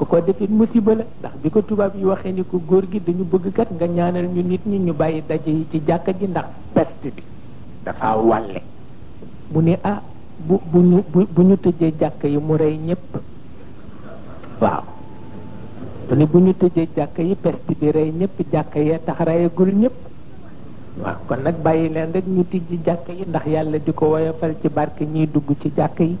ku ko defit musiba la ndax bi ko tubaab yi waxee ni ko góor gi dañu bëgg kat nga ñaanal ñu nit ñi ñu bàyyi daje yi ci jàkka ji ndax peste bi dafa wàlle mu ne ah bu bu ñu bu ñu tëjee jàkka yi mu rey ñëpp waaw mu ne bu ñu tëjee jàkka yi peste bi rey ñëpp tax ñëpp waaw kon nag bàyyi leen rek ñu tijji yi ndax yàlla di ko woyofal ci barke ñiy dugg ci yi